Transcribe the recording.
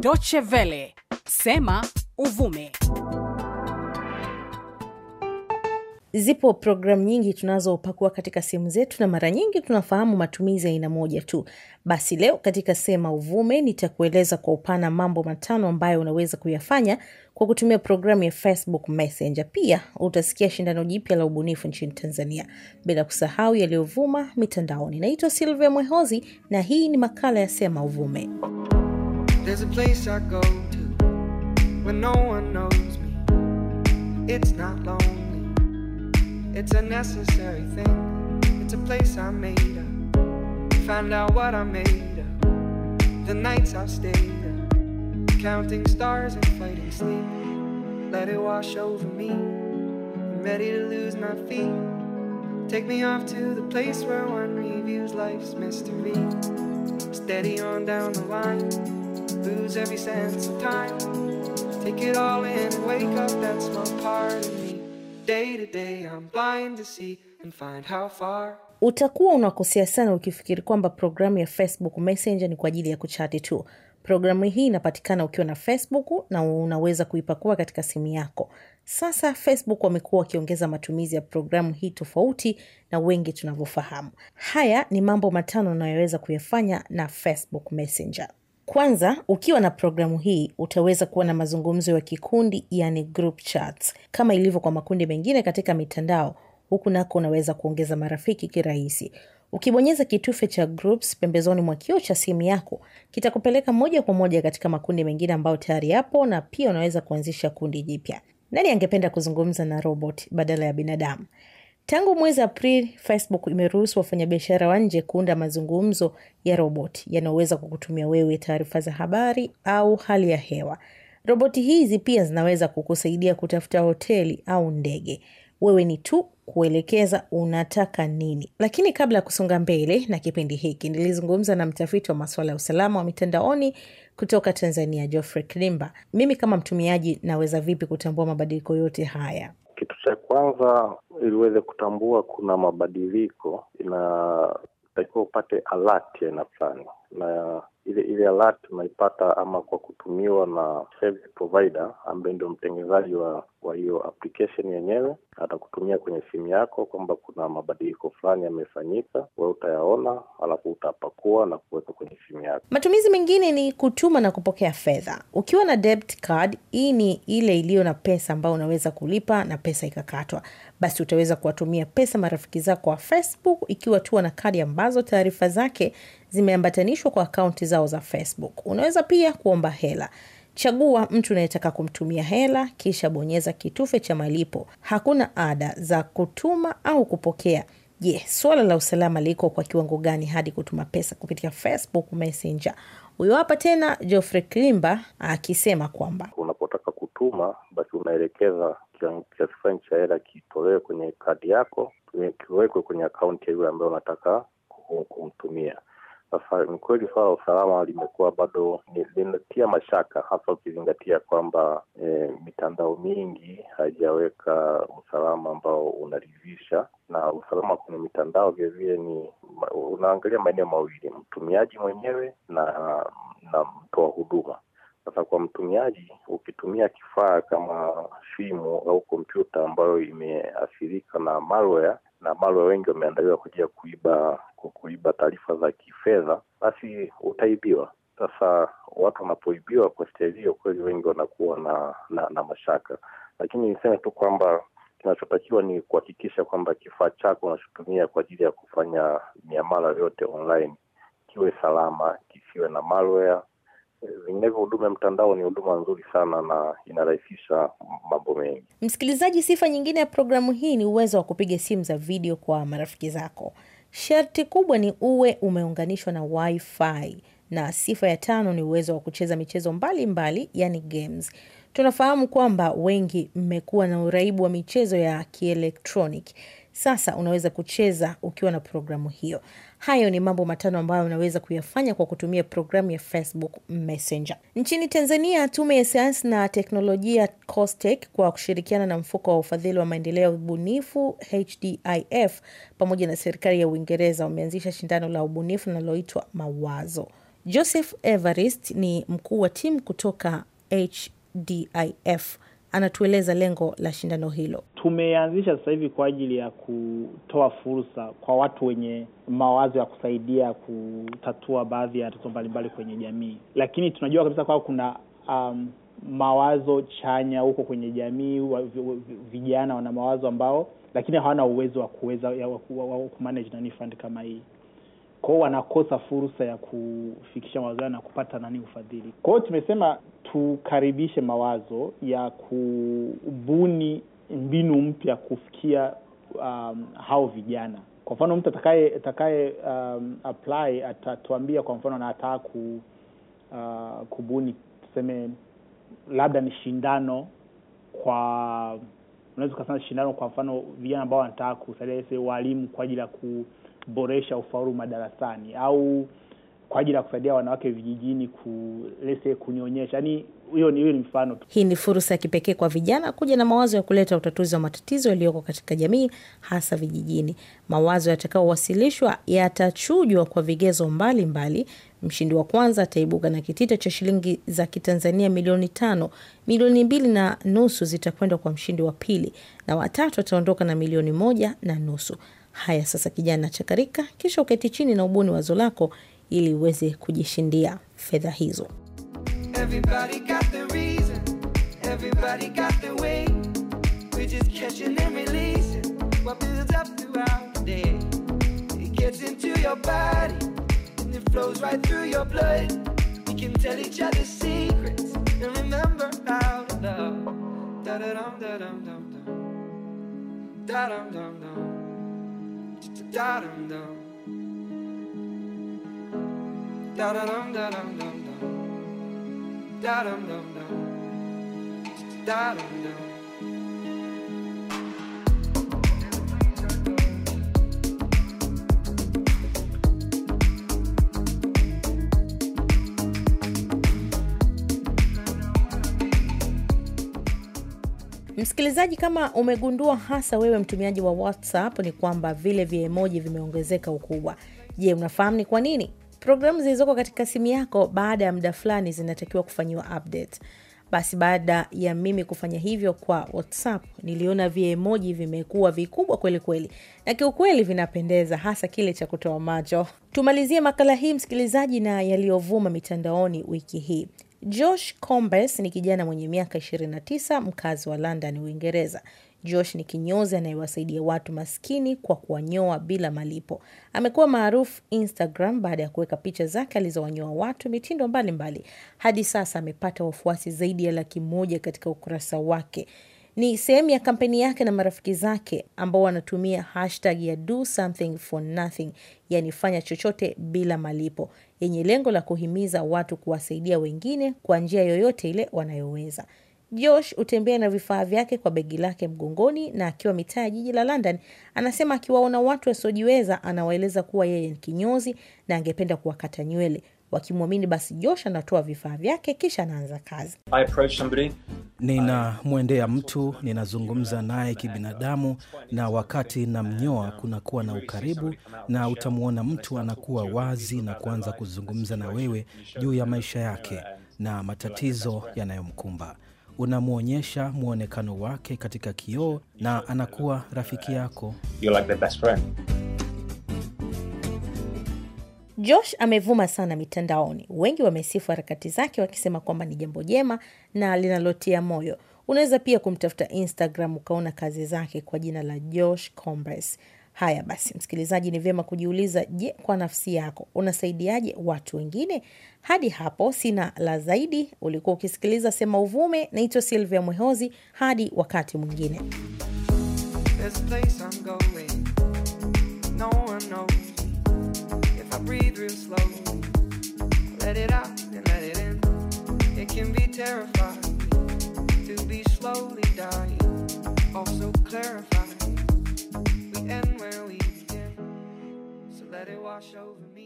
Deutsche Welle, sema uvume. Zipo programu nyingi tunazopakua katika simu zetu na mara nyingi tunafahamu matumizi ya aina moja tu. Basi leo katika Sema Uvume nitakueleza kwa upana mambo matano ambayo unaweza kuyafanya kwa kutumia programu ya Facebook Messenger. Pia utasikia shindano jipya la ubunifu nchini Tanzania, bila kusahau yaliyovuma mitandaoni. Naitwa Silvia Mwehozi na hii ni makala ya Sema Uvume. There's a place I go to where no one knows me. It's not lonely, it's a necessary thing. It's a place I made up. Find out what I made up. The nights I've stayed up, counting stars and fighting sleep. Let it wash over me. I'm ready to lose my feet. Take me off to the place where one reviews life's mystery. Steady on down the line. lose every sense of time. Take it all in, wake up that small part of me. Day to day I'm blind to see and find how far Utakuwa unakosea sana ukifikiri kwamba programu ya Facebook Messenger ni kwa ajili ya kuchati tu. Programu hii inapatikana ukiwa na Facebook na unaweza kuipakua katika simu yako. Sasa Facebook wamekuwa wakiongeza matumizi ya programu hii tofauti na wengi tunavyofahamu. Haya ni mambo matano unayoweza kuyafanya na Facebook Messenger. Kwanza, ukiwa na programu hii utaweza kuwa na mazungumzo ya kikundi, yani group chats, kama ilivyo kwa makundi mengine katika mitandao. Huku nako unaweza kuongeza marafiki kirahisi. Ukibonyeza kitufe cha groups pembezoni mwa kioo cha simu yako kitakupeleka moja kwa moja katika makundi mengine ambayo tayari yapo, na pia unaweza kuanzisha kundi jipya. Nani angependa kuzungumza na robot badala ya binadamu? Tangu mwezi Aprili, Facebook imeruhusu wafanyabiashara wa nje kuunda mazungumzo ya roboti yanayoweza kukutumia wewe taarifa za habari au hali ya hewa. Roboti hizi pia zinaweza kukusaidia kutafuta hoteli au ndege. Wewe ni tu kuelekeza unataka nini. Lakini kabla ya kusonga mbele na kipindi hiki, nilizungumza na mtafiti wa masuala ya usalama wa mitandaoni kutoka Tanzania, Geoffrey Kilimba. Mimi kama mtumiaji naweza vipi kutambua mabadiliko yote haya? Kitu cha kwanza ili uweze kutambua kuna mabadiliko inatakiwa upate alert ya aina fulani na ile ile alert unaipata ama kwa kutumiwa na service provider ambaye ndio mtengenezaji wa kwa hiyo application yenyewe atakutumia kwenye simu yako kwamba kuna mabadiliko fulani yamefanyika, wewe utayaona, alafu utapakua na kuweka kwenye simu yako. Matumizi mengine ni kutuma na kupokea fedha. Ukiwa na debit card, hii ni ile iliyo na pesa ambayo unaweza kulipa na pesa ikakatwa, basi utaweza kuwatumia pesa marafiki zako wa Facebook ikiwa tu na kadi ambazo taarifa zake zimeambatanishwa kwa akaunti zao za Facebook. Unaweza pia kuomba hela. Chagua mtu unayetaka kumtumia hela, kisha bonyeza kitufe cha malipo. Hakuna ada za kutuma au kupokea. Je, yeah, suala la usalama liko kwa kiwango gani hadi kutuma pesa kupitia Facebook Messenger? Huyo hapa tena Geoffrey Klimba akisema kwamba unapotaka kutuma basi unaelekeza kiasi fani cha hela kitolewe kwenye kadi yako kiwekwe kwenye akaunti ya yule ambayo unataka kumtumia safari, ni kweli suala la usalama limekuwa bado linatia mashaka, hasa ukizingatia kwamba e, mitandao mingi haijaweka usalama ambao unaridhisha, na usalama kwenye mitandao vilevile ni unaangalia maeneo mawili, mtumiaji mwenyewe na na mtoa huduma. Sasa kwa mtumiaji, ukitumia kifaa kama simu au kompyuta ambayo imeathirika na malware, na malware wengi wameandaliwa kuja kuiba kuiba taarifa za kifedha, basi utaibiwa. Sasa watu wanapoibiwa kwa staili hiyo, kweli wengi wanakuwa na, na, na mashaka, lakini niseme tu kwamba kinachotakiwa ni kuhakikisha kwamba kifaa chako unachotumia kwa ajili ya kufanya miamala yote online kiwe salama, kisiwe na malware Vinginevyo huduma ya mtandao ni huduma nzuri sana na inarahisisha mambo mengi. Msikilizaji, sifa nyingine ya programu hii ni uwezo wa kupiga simu za video kwa marafiki zako. Sharti kubwa ni uwe umeunganishwa na wifi, na sifa ya tano ni uwezo wa kucheza michezo mbalimbali mbali, yani games. Tunafahamu kwamba wengi mmekuwa na uraibu wa michezo ya kielektroniki. Sasa unaweza kucheza ukiwa na programu hiyo. Hayo ni mambo matano ambayo unaweza kuyafanya kwa kutumia programu ya Facebook Messenger. Nchini Tanzania, Tume ya Sayansi na Teknolojia costec kwa kushirikiana na mfuko wa ufadhili wa maendeleo ya ubunifu HDIF pamoja na serikali ya Uingereza wameanzisha shindano la ubunifu linaloitwa Mawazo. Joseph Evarist ni mkuu wa timu kutoka HDIF anatueleza lengo la shindano hilo. Tumeanzisha sasa hivi kwa ajili ya kutoa fursa kwa watu wenye mawazo ya kusaidia kutatua baadhi ya tatizo mbalimbali kwenye jamii, lakini tunajua kabisa kwamba kuna um, mawazo chanya huko kwenye jamii. Vijana wana mawazo ambao lakini hawana uwezo wa kuweza kumanage nani fund kama hii kwa hiyo wanakosa fursa ya kufikisha mawazo yao na kupata nani ufadhili. Kwa hiyo tumesema tukaribishe mawazo ya kubuni mbinu mpya kufikia um, hao vijana. Kwa mfano mtu atakaye atakaye um, apply atatuambia kwa mfano anataka ku, uh, kubuni tuseme labda ni shindano kwa unaweza ukasema shindano kwa mfano vijana ambao wanataka kusaidia walimu kwa ajili ya ku kuboresha ufaulu madarasani au kwa ajili ya kusaidia wanawake vijijini ku lese kunyonyesha. Yaani hiyo ni ni mfano. Hii ni fursa ya kipekee kwa vijana kuja na mawazo ya kuleta utatuzi wa matatizo yaliyoko katika jamii hasa vijijini. Mawazo yatakayowasilishwa yatachujwa kwa vigezo mbalimbali. Mshindi wa kwanza ataibuka na kitita cha shilingi za Kitanzania milioni tano. Milioni mbili na nusu zitakwenda kwa mshindi wa pili na watatu ataondoka na milioni moja na nusu. Haya sasa, kijana, chakarika, kisha uketi chini na ubuni wazo lako ili uweze kujishindia fedha hizo. Da-dum-dum-dum. da dum dum da dum da dum dum dum da dum dum dum da dum dum Msikilizaji, kama umegundua hasa wewe mtumiaji wa WhatsApp ni kwamba vile viemoji vimeongezeka ukubwa. Je, unafahamu ni kwa nini? Programu zilizoko katika simu yako baada ya muda fulani zinatakiwa kufanyiwa update. Basi baada ya mimi kufanya hivyo kwa WhatsApp, niliona viemoji vimekuwa vikubwa kweli kweli, na kiukweli vinapendeza, hasa kile cha kutoa macho. Tumalizie makala hii msikilizaji, na yaliyovuma mitandaoni wiki hii. Josh Combes ni kijana mwenye miaka 29 mkazi wa London, Uingereza. Josh ni kinyozi anayewasaidia watu maskini kwa kuwanyoa bila malipo. Amekuwa maarufu Instagram baada ya kuweka picha zake alizowanyoa watu mitindo mbalimbali mbali. Hadi sasa amepata wafuasi zaidi ya laki moja katika ukurasa wake ni sehemu ya kampeni yake na marafiki zake ambao wanatumia hashtag ya do something for nothing, yani fanya chochote bila malipo, yenye lengo la kuhimiza watu kuwasaidia wengine kwa njia yoyote ile wanayoweza. Josh hutembea na vifaa vyake kwa begi lake mgongoni na akiwa mitaa ya jiji la London, anasema akiwaona watu wasiojiweza anawaeleza kuwa yeye ni kinyozi na angependa kuwakata nywele. Wakimwamini basi Josh anatoa vifaa vyake kisha anaanza kazi. I ninamwendea mtu, ninazungumza naye kibinadamu, na wakati namnyoa kunakuwa na ukaribu, na utamwona mtu anakuwa wazi na kuanza kuzungumza na wewe juu ya maisha yake na matatizo yanayomkumba. Unamwonyesha mwonekano wake katika kioo na anakuwa rafiki yako. You're like the best Josh amevuma sana mitandaoni, wengi wamesifu harakati zake wakisema kwamba ni jambo jema na linalotia moyo. Unaweza pia kumtafuta Instagram ukaona kazi zake kwa jina la Josh Combes. Haya basi, msikilizaji, ni vyema kujiuliza, je, kwa nafsi yako unasaidiaje watu wengine? Hadi hapo sina la zaidi. Ulikuwa ukisikiliza Sema Uvume. Naitwa Silvia Mwehozi, hadi wakati mwingine. slowly. Let it out and let it in. It can be terrifying to be slowly dying. Also clarifying. We end where we begin. So let it wash over me.